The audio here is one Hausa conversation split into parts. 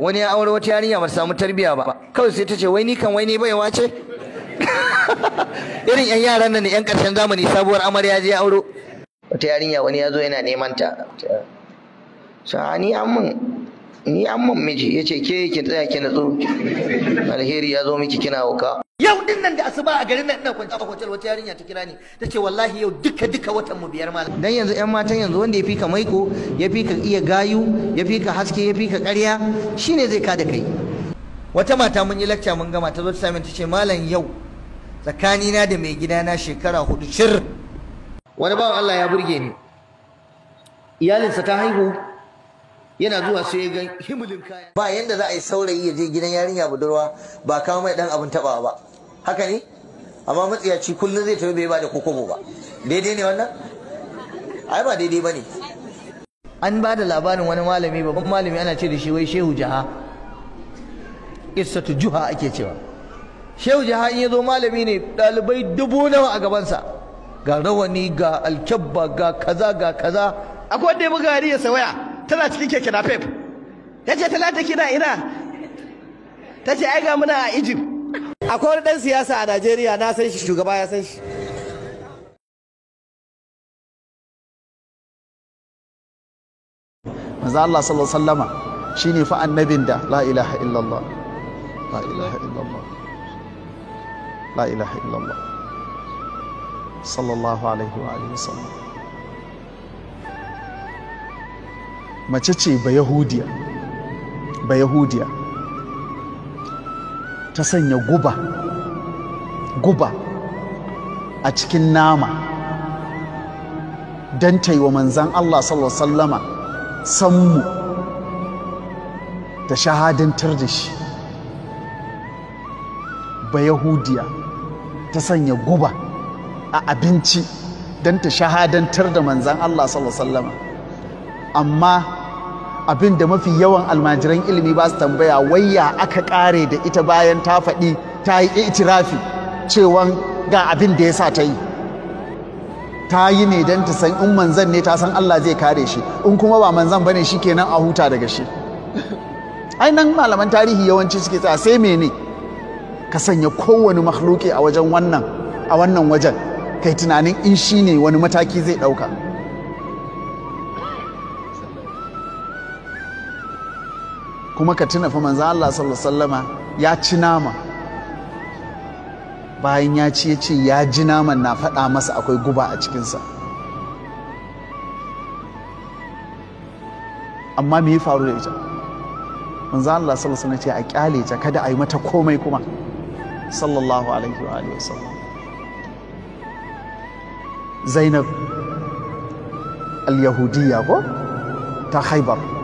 wani ya aure wata yarinya ba samu tarbiya ba kawai sai ta ce wai ni kan wai ni bai wace? irin yan yaran nan yan karshen zamani sabuwar amarya je auro wata yarinya wani ya zo yana neman ta sa ni an mun ni an man miji ya ce ke ki tsaya ki natsu alheri ya zo miki kina wuka yau din nan da asuba a garin nan ina kwanci a hotel wata yarinya ta kira ni ta ce wallahi yau duka duka watan mu biyar malam dan yanzu yan matan yanzu wanda ya fi ka maiko ya fi ka iya gayu ya fi ka haske ya fi ka ƙarya shine zai ka da kai wata mata mun yi lacca mun gama ta zo ta sami tace ce malam yau tsakanina da mai gidana shekara hudu shir wani bawan Allah ya burge ni iyalinsa ta haihu yana zuwa sai ga himulin kaya ba yanda za a yi saurayi ya je gidan yarinya budurwa ba kawo mai dan abin tabawa ba haka ne amma matsiyaci kullum zai tafi bai ba da kokobo ba daidai ne wannan ai ba daidai bane an ba da labarin wani malami babban malami ana ce da shi wai shehu jaha isatu juha ake cewa shehu jaha in yazo malami ne dalibai dubu nawa a gabansa ga rawani ga alkyabba ga kaza ga kaza akwai wanda ya buga ya sawaya tana cikin keke na pep ya ce talata kina ina ta ce ai ga muna a egypt akwai wani dan siyasa a najeriya na san shi shugaba ya san shi maza Allah sallallahu sallama shi ne fa annabin da la ilaha illallah la ilaha illallah la ilaha illallah sallallahu alaihi wa alihi wasallam mace ce ba yahudiya ba yahudiya ta sanya guba guba a cikin nama don ta yi wa manzan Allah sallama sammu ta shahadantar da shi ba yahudiya ta sanya guba a abinci don ta shahadantar da manzan Allah sallama amma abin da mafi yawan almajiran ilimi ba su tambaya wayya aka kare da ita bayan ta faɗi ta yi itirafi cewa ga abin da ya sa ta yi ta yi ne don ta san in manzan ne ta san Allah zai kare shi in kuma ba manzan ne shi kenan a huta daga shi ai malaman tarihi yawanci suke tsaya sai me mene ka sanya kowane makhluki a wajen wannan a wannan wajen kai tunanin in shi ne wani mataki zai ɗauka. kuma ka tuna fa manzo Allah sallallahu alaihi ya ci nama bayan ya ci ya ce ya ji naman na faɗa masa akwai guba a cikinsa amma me ya faru da ita manzo Allah sallallahu alaihi ce a kyale ta kada a yi mata komai kuma sallallahu alaihi wa alihi wasallam Zainab al-Yahudiyya ko ta Khaybar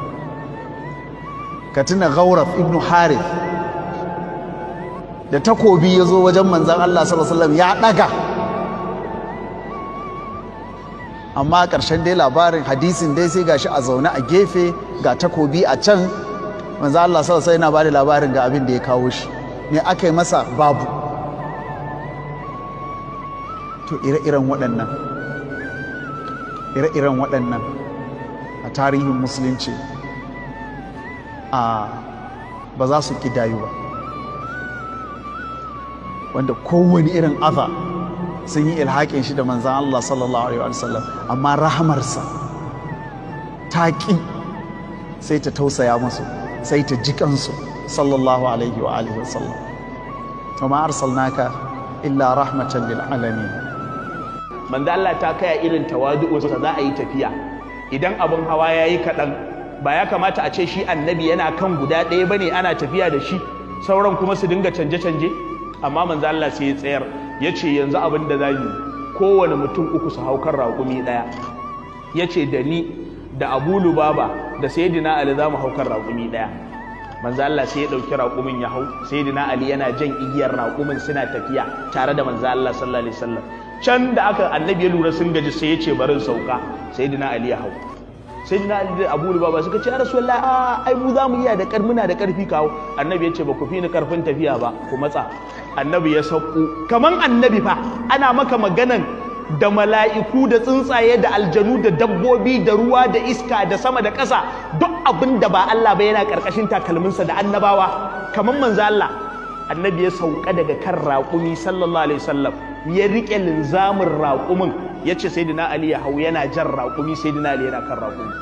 ka tuna ibn ibnu harith da takobi ya zo wajen manzan Allah sallallahu ya daga amma karshen dai labarin hadisin dai sai gashi a zaune a gefe ga takobi a can manzan Allah sallallahu yana bada labarin ga abin da ya kawo shi me aka yi masa babu to ire-iren waɗannan ire-iren waɗannan a tarihin musulunci a ba za su dayu ba wanda kowane irin aza sun yi ilhaƙin shi da manzan Allah sallallahu alaihi wasallam amma rahamarsa ta ƙi sai ta tausaya musu sai ta jikansu sallallahu alaihi wa wasallam to ma arsalnaka illa rahmatan lil alamin manzan Allah ta kaya irin tawadu'u za a yi tafiya idan abin hawa yayi kaɗan. ba ya kamata a ce shi annabi yana kan guda ɗaya ba ne. ana tafiya da shi sauran kuma su dinga canje-canje amma manzo Allah sai ya tsayar ya ce yanzu abin da za yi kowane mutum uku su hau kan raƙumi ɗaya ya ce da ni da abu lubaba da sayyidina ali za mu hau kan raƙumi ɗaya manzo Allah sai ya ɗauki raƙumin ya hau sayyidina ali yana jan igiyar raƙumin suna tafiya tare da manzo Allah sallallahu alaihi wasallam can da aka annabi ya lura sun gaji sai ya ce barin sauka sayyidina ali ya hau sai na ali da abu baba suka ce rasulullah a ai mu iya da karmuna da karfi kawo annabi ya ce ba ku fi ni karfin tafiya ba ku matsa annabi ya sauko kaman annabi fa ana maka maganan da mala'iku da tsuntsaye da aljanu da dabbobi da ruwa da iska da sama da ƙasa duk abin da ba Allah ba yana ƙarƙashin takalminsa da annabawa kaman manzo Allah annabi ya sauka daga kan raƙumi sallallahu alaihi wasallam ya rike linzamin raƙumin ya ce sayyidina ali ya hau yana jan raƙumi dina ali yana kan raƙumi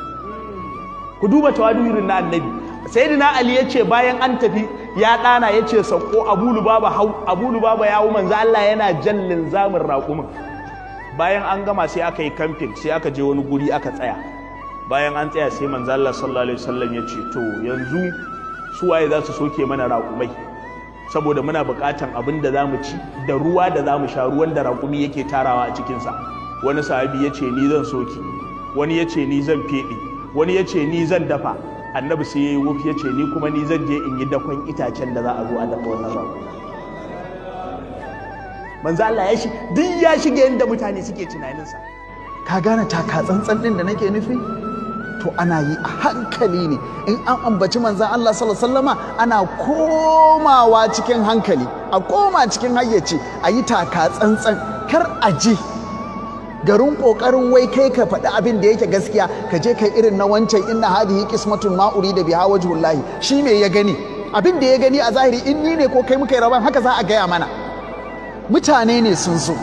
ku duba tawadurin na annabi sayyidina ali ya ce bayan an tafi ya ɗana ya ce sauko abu lubaba hau abu lubaba ya manzo Allah yana jan linzamin raƙumin bayan an gama sai aka yi kamfin sai aka je wani guri aka tsaya bayan an tsaya sai manzo Allah sallallahu alaihi wasallam ya ce to yanzu su waye za su soke mana raƙumai saboda muna bukatan abin da za mu ci da ruwa da za mu sha ruwan da raƙumi yake tarawa a cikinsa wani sahabi ya ce ni zan soki wani ya ce ni zan feɗe wani ya ce ni zan dafa annabi sai ya yi wuf ya ce ni kuma ni zan je in yi dakon itacen da za a zo a dafa wannan manzo Allah ya shi duk ya shige yadda mutane suke tunaninsa ka gane taka tsantsan din da nake nufi to ana yi a hankali ne in an ambaci manzan Allah sallama ana komawa cikin hankali a koma cikin hayyaci a yi taka tsantsan kar a ji garin kokarin wai kai ka faɗi abin da yake gaskiya ka je kai irin na wancan inna hadihi qismatun ma urida biha wajhullahi shi me ya gani abin da ya gani a zahiri in ni ne ko kai muka yi rabon haka za a gaya mana mutane ne sun so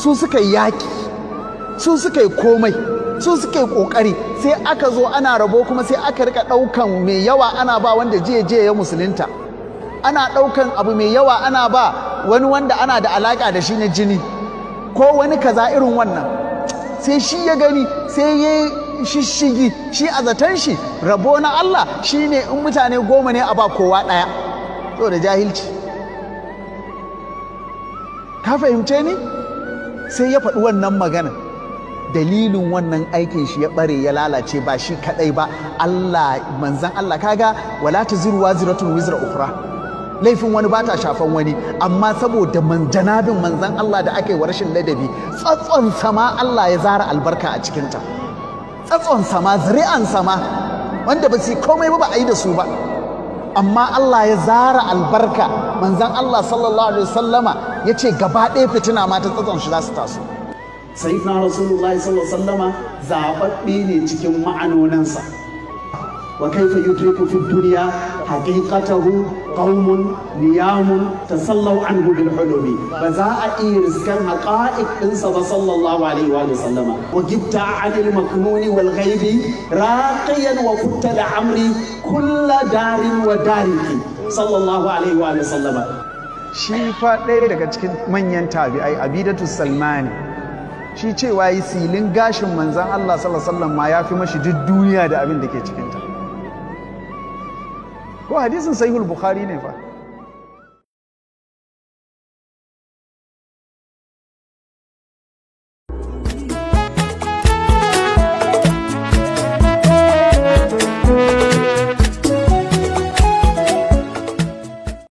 su suka yi yaƙi su suka yi komai su suke kokari sai aka zo ana rabo kuma sai aka rika daukan mai yawa ana ba wanda jiya je ya musulunta ana daukan abu mai yawa ana ba wani wanda ana da alaka da shi na jini ko wani kaza irin wannan sai shi ya gani sai ya shishigi shi a zaton shi rabo na Allah shi ne in mutane goma ne a ba kowa ɗaya. to da jahilci ka fahimce ni sai ya faɗi wannan maganar dalilin wannan aikin shi ya bare ya lalace ba shi kadai ba Allah manzan Allah kaga wala taziru waziratun wizra ukhra laifin wani ba ta shafan wani amma saboda man janabin manzan Allah da aka yi wa rashin ladabi tsatson sama Allah ya zara albarka a cikin ta tsatson sama zuri'an sama wanda ba su komai ba ba a yi da su ba amma Allah ya zara albarka manzan Allah sallallahu alaihi wasallama ya ce gaba ɗaya fitina ma ta tsatson shi za su taso na rasulullahi sallallahu sallama zababbe ne cikin ma'anonansa wa kaifa yudriku fi dunya haqiqatahu qaumun niyamun sallau anhu bil hulumi ba za a iya riskan haqa'iq dinsa ba sallallahu alaihi wa sallama wa gibta anil maknuni wal ghaibi raqiyan wa kutta da amri kulla darin wa dariki sallallahu alaihi wa sallama shi fa ɗaya daga cikin manyan tabi'ai abidatu salmani shi cewa yi silin gashin manzan Allah sallallahu ma ya fi mashi duk duniya da abin da ke cikinta ko hadisin sahihul bukhari ne fa